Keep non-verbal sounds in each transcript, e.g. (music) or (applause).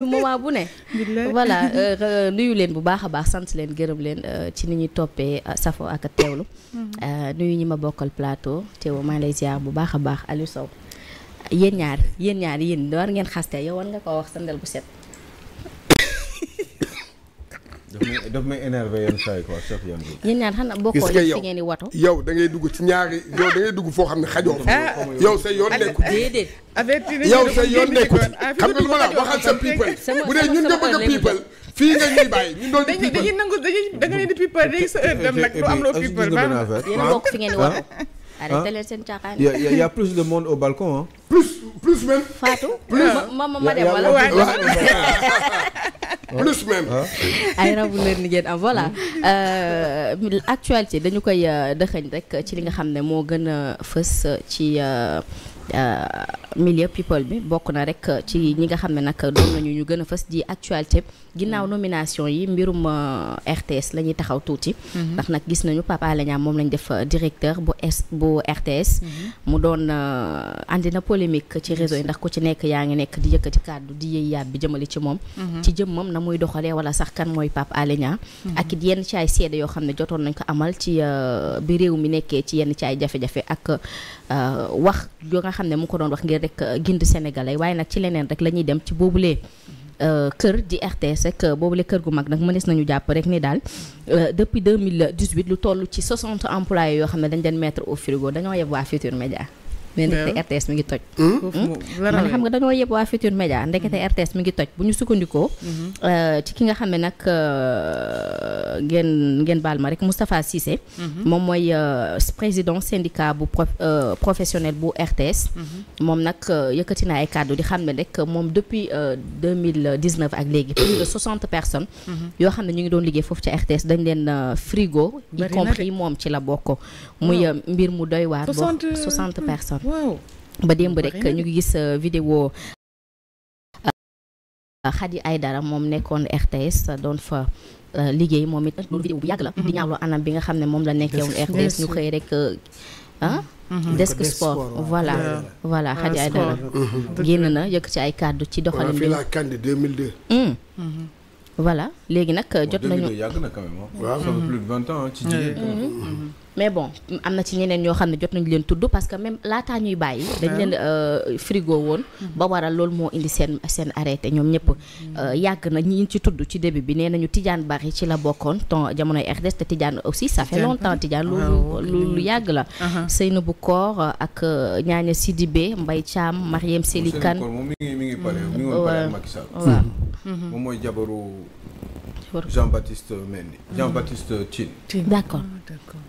moment bu ne voilà euh, nuyu leen bu baax a baax sant leen gërëm leen euh, ci ni ñuy toppee euh, safo ak a teewlu mhm. nuyu ñi ma bokkal plateau teewu maa lay ziar bu baax a baax Aliou Sow yéen ñaar yéen ñaar yéen war ngeen xaste yow war nga koo wax sa bu set daf may daf may énervé yenn saa yi quoi sauf yan bi. yéen ñaar xanaa bokkoo leen si dugg ci ñaari yow da dugg foo xam ne xajoo ah. yow sa yoon nekku ci. yow bu dee ñun a people. fii nga ñuy bokk ah. fi ngeen di wato. Ah. arrêté leen seen caaxaan. y' a y' a plus de monde au balcon ah. plus plus même. Fatou plus ma ma ma dem wala (laughs) plus même. ay rabu leen ni am voilà euh, actualité dañu koy euh, dëxëñ rek ci li nga xam ne moo gën a fës ci. Euh, Euh, milieu people bi bokk na rek euh, ci ñi nga xam ne nag doon nañu ñu gën a fës di actualité ginnaaw mm. nomination yi mbirum euh, RTS la ñuy taxaw tuuti. Mm-hmm. ndax nag gis nañu Pape Alé moom lañu def directeur bu S bu RTS. Mm-hmm. mu doon andi na polémique ci réseau yi ndax ku ci nekk yaa ngi nekk di yëkkati kàddu di yëy yàb bi jëmale ci moom. Mm-hmm. ci jëmmam na muy doxalee wala sax kan mooy Pape Alé ak yenn ci seede yoo xam ne jotoon nañ ko amal ci bi réew mi nekkee ci yenn ci ay jafe ak xam ne mu ko doon wax ngir rek euh, gindu sénégalais waaye nag ci leneen rek la ñuy dem ci boobulee euh, kër di RTS rek euh, boobule kër gu mag nag mënees nañu jàpp rek ni daal depuis 2018 lu toll ci 60 employés yoo xam ne dañ leen mettre au frigo dañoo yeb waa Futurs Médias mais ndekete RTS mi ngi toj hmm? Hmm? man xam nga dañoo yëpp waa Futurs Médias hmm. ndekete RTS mi ngi toj bu ñu sukkandikoo euh, ci ki nga xam ne nag euh, ngeen ngeen baal ma rek Moustapha Cissé moom mooy euh, président syndicat bu professionnel bu RTS moom nag yëkkati na ay kàddu di xam ne rek moom depuis 2019 ak léegi plus de 60 personnes yoo xam ne ñu ngi doon liggéey foofu ca RTS dañ leen frigo y compris moom ci la bokk muy mbir mu doy waar bo 60 waaw ba démb ñu ngi gis euh, vidéo euh, Khady Aïdara moom nekkoon RTS doon fa euh, liggéey moom it loolu vidéo yàgg la di ñaawlu anam bi nga xam ne moom la nekkewoon RTS ñu xëy rek ah desk sport voilà voilà Khady Aïdara mm-hmm. génn na yëkk ci ay kàddu ci doxalin bi mm. mm-hmm. léegi nag jot nañu mais bon am na ci ñeneen ñoo xam ne jot nañu leen tudd parce que même laataa ñuy bàyyi. dañ leen euh, frigo woon. ba waral loolu moo indi seen seen arrêté ñoom ñëpp. Euh, yàgg na ñi ci tudd ci début bi nee nañu Tidiane Bari ci la bokkoon temps jamonoy RDS te Tidiane aussi ça fait longtemps ah. Tidiane loolu ah, lu lu yàgg la. Uh-huh. Seynabou Koor ak Ñaaña euh, Sidibé Mbaye Thiam Mariam Selikan. moom mi ngi mi ngi pare mi ngi pare Macky Sall. waaw mm-hmm. moom mooy jabaru. Jean-Baptiste Jean-Baptiste Tine. d'accord. Mm-hmm.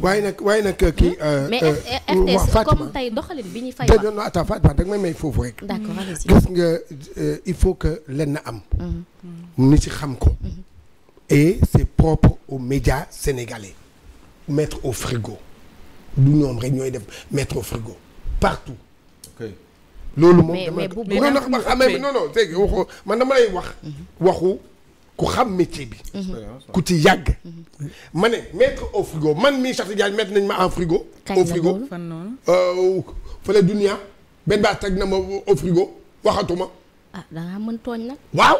waaye nag waaye nag euh, ki euh, mais RTS euh, comme tey doxalin bi ñuy fay. te non non attends Fatima danga may may foofu rek. d'accord allez-y. gis nga il faut que lenn am. Mm-hmm. ni ci xam ko. Mm-hmm. et c'est propre aux médias sénégalais. mettre au frigo. du ñoom rek ñooy def mettre au frigo partout. loolu moom. ma mais bu bu non non man dama wax. Mm-hmm. waxu. ku xam métier bi. ku ci yàgg. ma ne mettre au frigo man mii Cheikh Tidiane nañ ma en frigo. au frigo fan noonu. Euh, fële dunia benn baat teg na ma au frigo waxatuma. ah da ngaa mën tooñ nag. waaw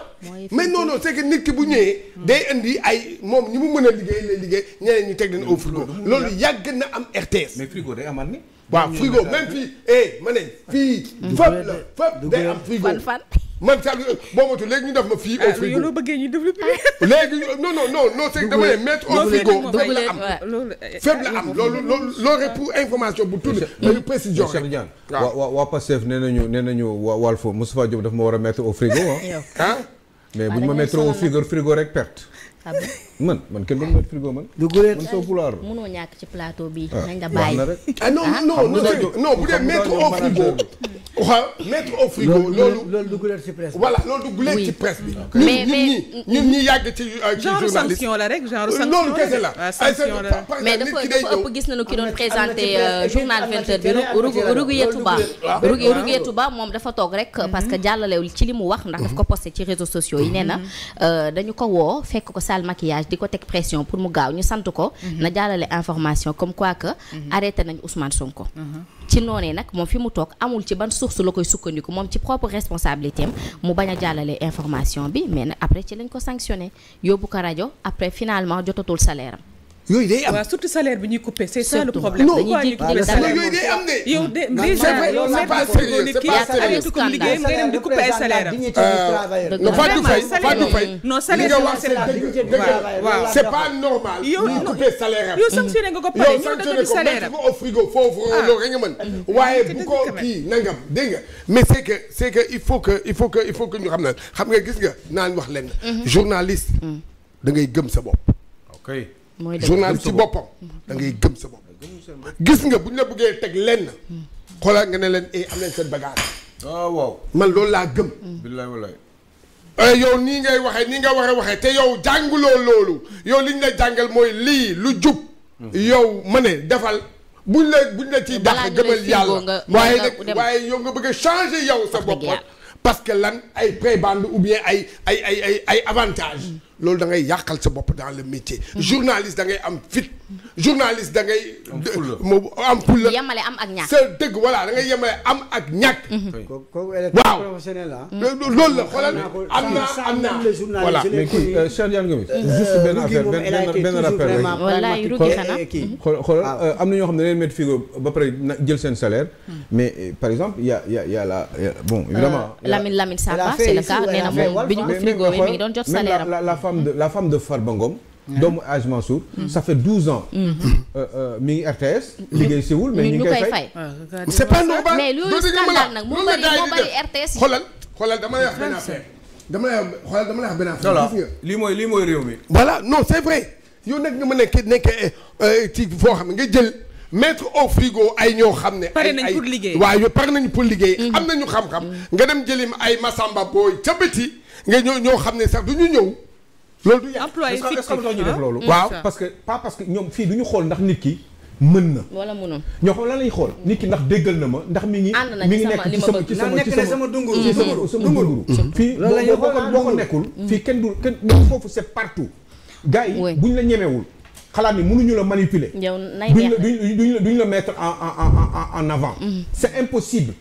mais non non c'est nit ki bu ñëwee. Hmm. day indi ay moom ñi mu mën a liggéey lay liggéey ñeneen ñu teg leen au frigo. loolu yàgg na am RTS. mais day amal ni. waaw frigo même fii eh ma ne fii. fépp la fépp day am frigo fan fan. man sax euh, boo motul léegi ñu def ma fii au ah, frigo ah bëggee ñu développé. (laughs) léegi non non non non c'est damay mettre au frigo faible la am faible euh, la am loolu euh, loolu loolu rek pour information bu tudd. dañu précision wa Cheikh waaw waa waa Pastef nee nañu nee nañu waa Walf Moustapha Diop daf ma war a mettre au frigo (laughs) ah. Ah? mais bu ñu ma mettre au frigo frigo rek perte. (laughs) man man kenn doon frigo man. du guleet bi. Ah, nañ la bàyyi ah non ah? non non bu dee mettre au frigo. waaw mettre euh, ah, ki doon présenté euh, journal 20h bi Rouguetou Ba. Rouguetou moom dafa toog rek. parce que mhm. jàllalewul ci li mu wax ndax daf ko mhm. posté ci réseaux sociaux yi nee mhm. euh, dañu ko woo fekk ko salle maquillage di ko teg pression pour mu gaaw ñu sant ko. Mhm. na jàllale information comme quoi que. Mhm. arrêté nañ Ousmane Sonko. Mhm. ci noonee nag moom fi mu toog amul ci ban source la koy sukkandiku moom ci propre responsabilité mu bañ a jàllale information bi mais nag après ci lañ ko sanctionné yóbbu ko rajo après finalement jotatul salaire yooyu day am waaw surtout salaire bi ñuy coupé c'est ça le problème. non dañuy coupé ah, salaire yooyu day am de. yow de déjà yow maître de frigo ni kii arrêté ko liggéeyam ngay dem di coupé ay salaire am. Euh, Fatou Faye Fatou Faye. non salaire bi wax c'est la waaw c'est pas normal. yow ñu coupé salaire am. yow sanctionné nga ko pare ñu dagg salaire am. yow sanctionné ko au frigo foofu ah. loolu rek nga mën. waaye bu ko kii nangam dégg nga. mais c'est que c'est que il faut que il faut que il faut que ñu xam na xam nga gis nga naan wax lenn. Mm-hmm. journaliste. Mm. da ngay gëm sa bopp. ok. mooy journaliste ci boppam da ngay gëm sa bopp gis nga bu ñu la bëggee teg lenn xoolal nga ne leen ay eh, am leen seen bagage ah, man loolu laa gëm billaay wallaay eh, yow nii ngay waxee nii nga war a waxee te yow jànguloo loolu yow liñ la jàngal mooy lii lu jub yow mën ne defal buñ la buñ la ciy dàq gëmal yàlla waaye nag waaye yow nga bëgg a changer yow sa bopp parce que lan ay prébande ou bien ay ay ay ay ay avantage loolu da ngay yàqal sa bopp dans le métier. Mhm. journaliste da ngay am fit. journaliste da ngay. am fulla yemale am ak ñàkk. sa dëgg voilà da ngay yemale am ak ñàkk. Mhm. kooku waaw professionnel ah. la loolu la xoolal am na am na voilà mais kii euh, Cheikh Yane Gomis euh, juste benn affaire benn benn rappel rek. wallaay Ruki xanaa kii mmh. xool ah. euh, na ñoo xam ne dañuy mettre figo ba pare jël seen salaire. Mmh. mais par exemple y' a y' a a la bon évidemment. Lamine Lamine Samba c'est le moom bi ñu ko frigo mi doon jot salaire am. femme de la femme de Farba Ngom doomu Hadj Mansour mm-hmm. ça fait douze ans mm-hmm. euh, euh, mi ngi RTS mm-hmm. liggéey siwul mais ñu ngi koy fay c'est pas normal mais loolu scandale nag moo bari moo bari RTS xoolal xoolal dama lay wax benn affaire dama lay xoolal dama lay wax benn affaire lii mooy lii mooy réew mi voilà non c'est vrai yow nag nga mën a nekk eh, eh, ci foo xam ne nga jël mettre au frigo ay ñoo xam ne. pare pare nañ pour liggéey. am nañu xam-xam. nga dem jëlim ay Masamba booy ca bëti nga ñoo ñoo xam ne sax du ñu ñëw. loolu du ñu def loolu mm, waaw parce que pas parce que ñoom fii du ñu xool ndax nit ki mën na wala mënul ñoo xam lan lay xool nit ki ndax déggal na ma ndax mi ngi mi ngi nekk ci sama ci sama ci sama dunguru ci sama sama mm-hmm. dunguru mm-hmm. fii boo ko nekkul mm-hmm. fii kenn du kenn ñoom foofu c'est partout gars yi buñ la ñemewul xalaat ni mënuñu la manipuler duñ la duñ duñ la mettre en en en en avant c'est impossible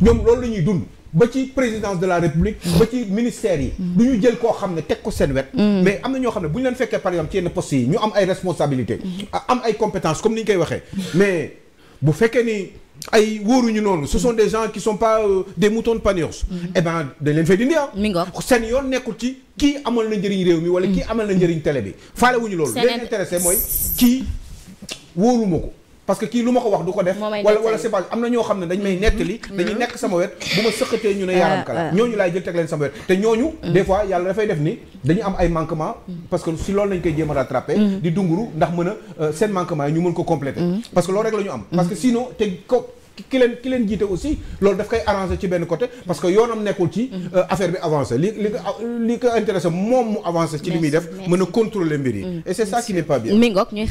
ñoom loolu la ñuy dund ba ci présidence de la république ba ci ministère yi mm. du ñu jël koo xam ne teg ko seen wet mm. mais am na ñoo xam ne bu ñu leen fekkee par exemple ci yenn postes yi ñu am ay responsabilité mm. am ay compétences comme ni ñu koy waxee mais bu fekkee ni ay wóoruñu noonu ce sont des gens qui sont pas euh, des moutons de Panurge eh dañ leen fay dindi ah seen yoon nekkul ci kii amal na njëriñ réew mi wala kii amal na njëriñ tele bi faale ñu loolu leen intéressé mooy kii wóoruma ko parce que kii lu ma ko wax du ko def wala wala c'est pas am na ñoo xam ne dañ may nettali mm-hmm. dañuy nekk sama wet bu ma sëqatee ñu ne yaaram ah, kala ah. ñooñu laay jël teg leen sama wet te ñooñu mm-hmm. des fois yàlla dafay def ni dañu am ay manquement mm-hmm. parce que si loolu lañ koy jéem a rattrapé di dunguru ndax mën a euh, seen manquement yi ñu mën ko compléter parce que loolu rek la am parce que sinon te ko ki leen ki leen jiite aussi loolu daf koy arrangé ci benn côté parce que yoonam nekkul ci mhm. euh, affaire bi avancé li li ko intéressé moom mu avancé ci li muy def mën a contrôler mbir yi mhm. et c'est ça qui n'est pas rek coppite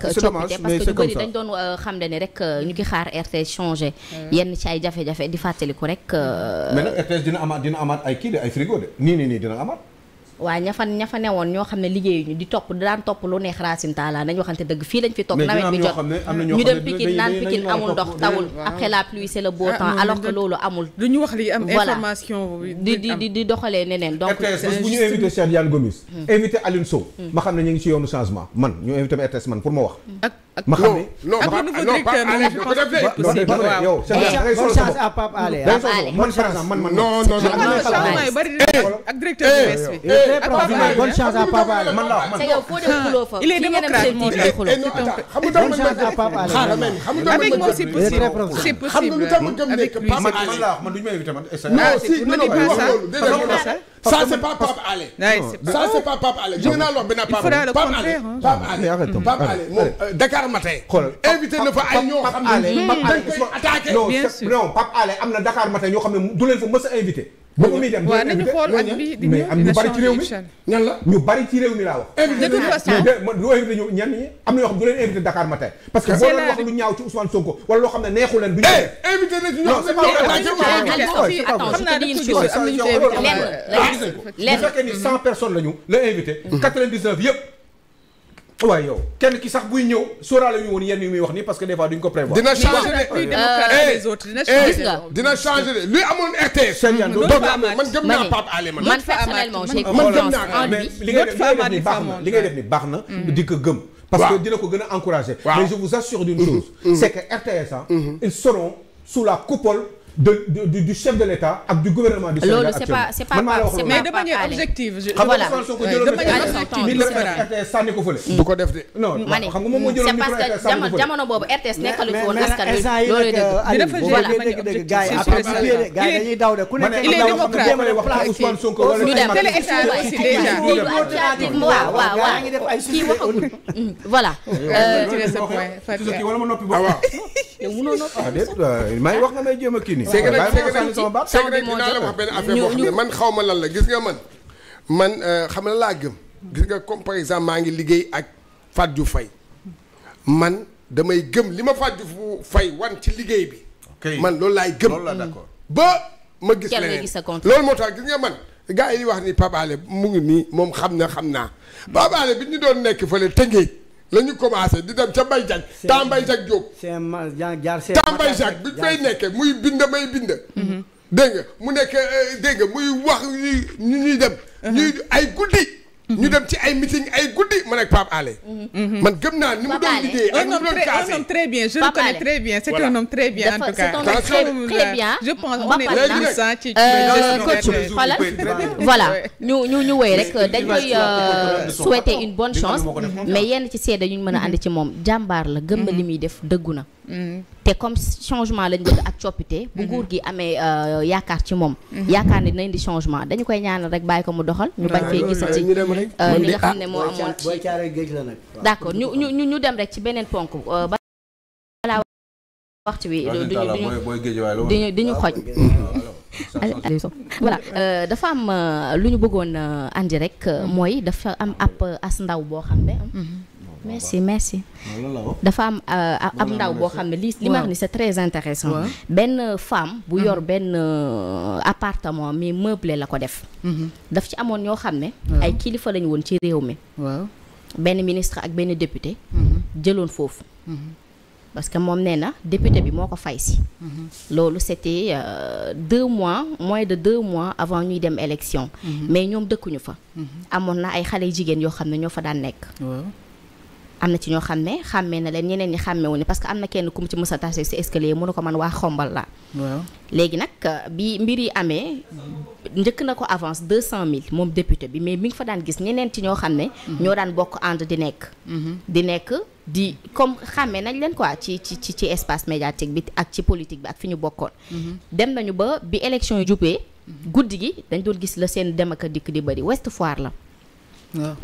parce que ñu bëri dañ doon euh, xam ne rek euh, ñu ngi xaar RTS changé mhm. yenn ci ay jafe-jafe di fàttaliku rek mais nag RTS dina amaat dina amaat ay kii de ay frigo de nii nii nii dina amaat waaw ña fa ña fa woon ñoo xam ne liggéeyuñu di topp daan topp lu neex Racine Talla nañ waxante dëgg fii lañ fi toog nawet bi jot ñu dem Pikine naan Pikine amul ndox tawul après la pluie c'est le ah, loolu amul duñu wax li am information di di di doxalee neneen donc RTS bu ñu invité Cheikh Diane Gomis hmm. invité Aline Sow hmm. ma xam ne ñu ngi ci yoonu changement man ñu invité ma RTS man pour ma wax ma xam ne ak le nouveau directeur moom je pense que man non non ak directeur bu bees bi eh, eh, bonne chance à Pape Alé man la man il est démocrate moom eh, avec moom c'est possible c'est possible avec lui man la man duñu may éviter man ça c'est pas Pape Alé. ça c'est pas Pape Alé. jënd naa lor bi na Pape Alé Pape Alé Pape Alé moom Dakar Matin. na fa ay ñoo xam ne dañ koy am na Dakar Matin ñoo xam ne du leen fa mës a invité. boobu muy dem waaw nañu xool at bi di ñëw dina changé ñan la ñu bari ci réew mi laa wax. de toute façon loo invité ñu ñenn ñi am na yoo xam du leen invité Dakar matin. parce que boo doon wax lu ñaaw ci Ousmane Sonko wala loo xam ne neexu leen. du ñu invité na ci ñoom c'est pas vrai xam naa dañu ci am nañu ci invité lenn lenn bu fekkee ni 100 personnes la ñu la invité 99 yëpp waaye yow kenn ki sax buy ñëw sóoraale ñu woon yenn yu muy wax ni parce que des fois duñ ko dina changer de dina changer de luy amoon RTS. donc man gëm naa Pape Alé man. man personnellement j'ai confiance en lui. li ngay def nii baax na li ngay def nii baax na. di parce que dina ko gën a encourager. mais je vous assure d'une mm-hmm. chose. Mm-hmm. c'est que RTS ah. ils seront sous la coupole. de, de, de du chef de l'État ak du gouvernement du Sénégal loolu c'est pas c'est pas mais de manière objective je voilà de manière objective sànni ko fële du ko def de non xam nga moom moo jëloon micro RTS sànni ko fële jamono boobu RTS nekkalu ci woon askan wi loolu dëgg dëgg gars yi après gars yi dañuy daw de ku nekk il est démocrate wax Ousmane Sonko wala ñu dem télé aussi déjà waaw waaw waaw kii waxagul voilà euh tu sais ce point Fatia wala ma noppi (laughs) yow mënoon na ko. may wax nga may jéem a kii nii. waaw waaw waaw sànni sama baat sànni moo benn affaire boo xam ne man xaw ma lan la gis nga man. man euh, xam na laa gëm. gis nga comme par exemple maa ngi liggéey ak Fatou fay man damay gëm li ma Fatou fay wan ci liggéey bi. man loolu laay gëm. loolu la d'accord ba ma gis leneen loolu moo tax gis nga man. gars yi wax ni Pape mu ngi nii moom xam na xam naa. Pape Alé bi ñu doon nekk fële Tëngéej la ñu commencé di dem ca Mbaye Diagne. temps Mbaye Diagne ma jaar seen temps Mbaye Diagne bi fay nekkee muy bind may bind. Mhm. dégg nga mu nekk euh, dégg nga muy wax ñu ñuy dem. Mhm. ñuy ay guddi. ñu dem ci ay meeting ay guddi man ak Pape Alé. Mhm. man gëm naa ni mu doon liggéey ak mu doon kaase un homme très bien je le connais très bien c'est un homme très bien en tout cas je pense on est tous euh, ci coach xoolal voilà ñu ñu ñu woy rek dañuy euh, souhaiter une bonne chance mais yenn ci seede ñu mën a ànd ci moom jàmbaar la gëm na mhm. li muy def dëggu na mhm. te comme changement lañ bëgg ak coppite bu nguur gi amee euh, yaakaar ci moom yaakaar ni dinañ di changement dañu koy ñaanal rek bàyyi ko mu doxal ñu bañ fee gisati Euh, li nga xam ne ah, moo amoon ci d'accord ñu ñu ñu dem rek ci beneen ponk euh, balaa waxtu wi duñu duñu ah, xoj (laughs) voilà euh, dafa am lu ñu bëggoon andi rek mhm. mooy dafa am ab as ndaw boo xam ne mhm. merci merci dafa am euh, am ndaw boo xam ne li li ma wax ni c'est très intéressant benn femme bu mhm. yor benn euh, appartement mais meublé la ko def mhm. daf ci amoon ñoo xam ne ay kilifa lañu woon ci réew mi waaw benn ministre ak benn député mhm. jëloon foofu parce que moom nee na député bi moo ko fay si loolu c'était euh, deux mois moins de deux mois avant ñuy dem élection mais ñoom dëkkuñu fa amoon na ay xale yu jigéen yoo xam ne ñoo fa daan nekk am na ci ñoo xam ne xàmmee na leen ñeneen ñi xàmmewu ne parce que am na kenn ku mu ci mës a tase si escalier mënu ko man waa xombal la léegi nag euh, bi mbir yi amee njëkk na ko avance deux cent mille moom député bi mais mi ngi fa daan gis ñeneen ci ñoo xam ne mhm. ñoo daan bokk ànd di nekk mhm. di nekk di comme xàmmee nañ leen quoi ci ci ci ci espace médiatique bi ak ci politique bi ak fi ñu bokkoon mhm. dem nañu ba bi élection yi jubee guddi gi dañ doon gis la seen dem ak dikk di bëri Ouest Foire la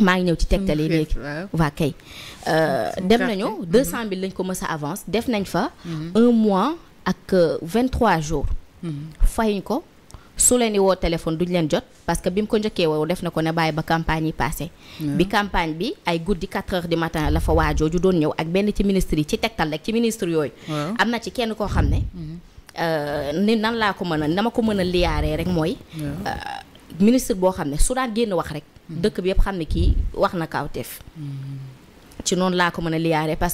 maa ngi ñëw ci tegtal mm, yi léegi waa kay euh, dem nañu deux mm-hmm. cent mille lañ ko mës a avance def nañ fa mm-hmm. un mois ak euh, vingt trois jours mm-hmm. fayuñ ko su leen di woo téléphone duñ leen jot parce que bi mu ko njëkkee woo def na ko ne bàyyi ba campagne yi passé bi campagne bi ay guddi 4 heures du matin la fa jooju doon ñëw ak benn ci ministre yi ci tegtal rek ci ministre yooyu am na ci kenn koo xam ne euh, ni nan laa ko mën a na ma ko mën a liyaaree rek mooy ministre boo xam ne su daan génn wax rek hmm. dëkk bi yëpp xam ne kii wax na kawteef hmm. ci noonu laa ko mën a liyaare a ba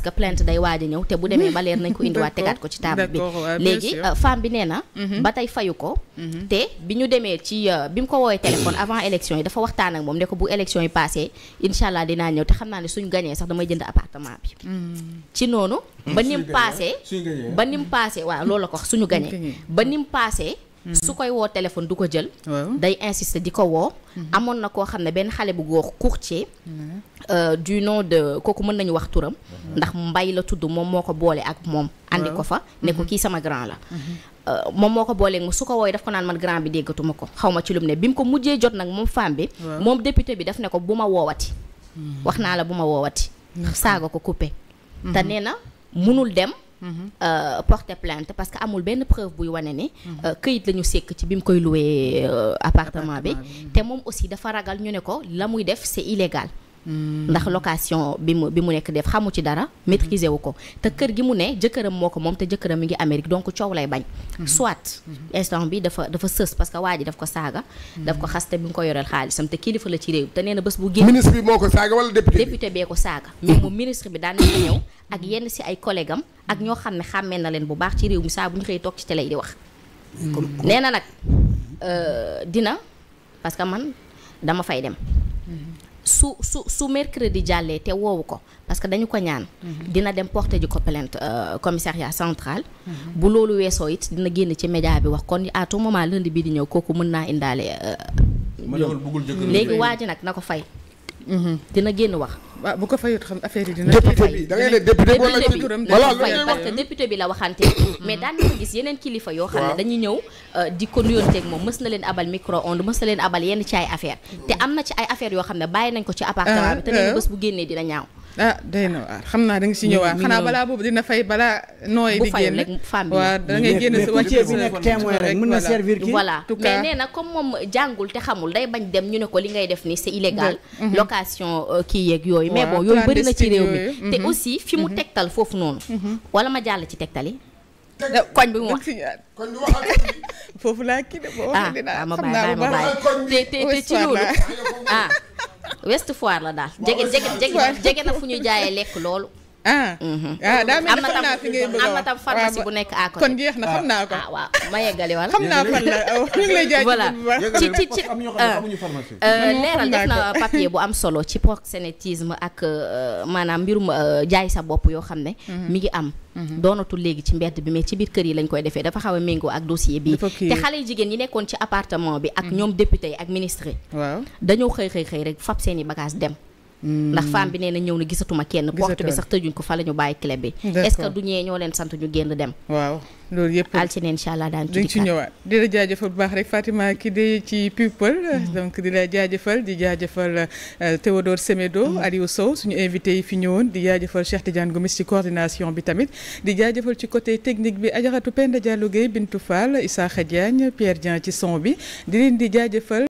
ko (laughs) indiwaat tegaat ko ci bi léegi euh, femme bi nee mhm. mhm. te bi ñu demee euh, yi dafa waxtaan ak moom ne ko bu élection yi passé incha allah dinaa ñëw te xam naa ne suñ gañee bi mhm. ci noonu ba nim passé ba nim passé waaw loolu la ko wax suñu gañee ba nim passé Mhm. su koy woo téléphone du ko jël. day insister di ko woo. Mhm. amoon na koo xam ne benn xale bu góor courtier. Mhm. Euh, du nom de kooku mën nañu wax turam. ndax mbay la tudd moom moo ko boole ak moom. andi ko fa ne ko kii sama grand la. Euh, moom moo ko booleeg mu su ko wooyee daf ko naan man grand bi déggatuma ko xaw ma ci lum ne bi mu ko mujjee jot nag moom femme bi. moom député bi daf ne ko bu ma woowati. wax naa la bu ma woowati. saaga ko coupé. te nee na munul dem. Euh, porter plainte parce que amul benn preuve buy wane ne. Mhm. Euh, këyit la ñu sekk ci bi mu koy loué euh, appartement bi. te moom aussi dafa ragal ñu ne ko la muy def c'est illégal. Mm. ndax location bi mu bi mu nekk def xamu ci dara maîtriser wu ko te kër gi mu ne jëkkëram moo ko moom te jëkkëram mi ngi Amérique donc coow lay bañ mm-hmm. soit mm-hmm. instant bi dafa dafa sës parce que waa ji daf ko saaga daf ko xaste bi nga ko yoreel xaalisam te kilifa la ci réew te nee na bés bu génn ministre bi moo ko saaga wala député député bee ko saaga mais moom ministre bi daan na ñëw ak yenn si ay collègue am ak ñoo xam ne xàmmee na leen bu baax ci réew mi saa bu ñu xëy toog ci télé yi di wax nee na nag euh, dina parce que man dama fay dem mm-hmm. su su su mercredi jàllee te woowu ko parce que dañu ko ñaan. Mhm. dina dem porter ji ko plainte euh, commissariat central. Mhm. bu loolu weesoo it dina génn ci média bi wax kon à tout moment lundi bii di ñëw kooku mën naa indaale. Euh, ma ne léegi waa ji nag na ko fay. dina génn wax. waaw bu ko fayut xam affaire yi dina. député bi da ngay ne député wala ci bi la waxante (coughs) hmm. mais daan na gis yeneen kilifa yoo xam ne dañuy ñëw euh, di ko nuyonteeg moom mës na leen abal micro onde mës na leen abal yenn ci ay affaire te am na ci ay affaire yoo xam ne bàyyi nañ ko ci appartement bi te ah, neen ah. bés bu génnee dina ñaaw ah day na waar xam naa danga si ñëwaat xanaa balaa boobu dina fay balaa nooy di génn waaw da ngay génn si wàcce bi nekk témoin rek mën na servir kii comme moom jàngul te xamul day dem ñu ne ko li ngay def ni c'est illégal mhm. location euh, kii yeeg yooyu mais bon yooyu réew mi te mhm. aussi fi mu mhm. tegtal foofu noonu wala ma jàll ci tegtal yi koñ bi mu wax koñ (laughs) laa kii de boo waxee ah, dinaa ah, xam naa te te ci loolu West Foire la daal. jege jege jege na fu ñuy jaayee lekk loolu. ah. Mhm. ah daa am na tam pharmacie bu nekk à côté. kon jeex na xam ah. naa ko ah, waaw ma yeggali wala. ci ci ci euh, euh, am leeral def na papier bu am solo ci proxénétisme ak euh, maanaam mbirum jaay sa bopp yoo xam ne. mu mhm. ngi am. Mhm. doonatul léegi ci mbedd bi mais ci biir kër yi lañ koy defee dafa xaw a méngoo ak dossier bi te xale yu jigéen ñi nekkoon ci appartement bi ak ñoom député yi ak ministre yi. dañoo xëy xëy xëy rek fab seeni i bagage dem Mm. ndax femme bi nee na ñëw na gisatuma kenn porte bi sax tëjuñ ko fa la ñu bàyyi clé bi est-ce que du ñee ñoo leen sant ñu génn dem waaw loolu yëpp altine incha allah daan dañ ci ñëwaat di la jaajëfal bu baax rek Fatima Kidé ci people mm. donc di la jaajëfal di jaajëfal euh, Théodore Semedo mm. Aliou Sow suñu invité yi fi ñëwoon di jaajëfal Cheikh Tidiane Gomis ci coordination bi tamit di jaajëfal ci côté technique bi Ajaratu Penda Diallo Gueye Bintou Fall Issakha Diagne Pierre Dieng ci son bi di leen di jaajëfal